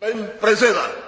Pani prezydent!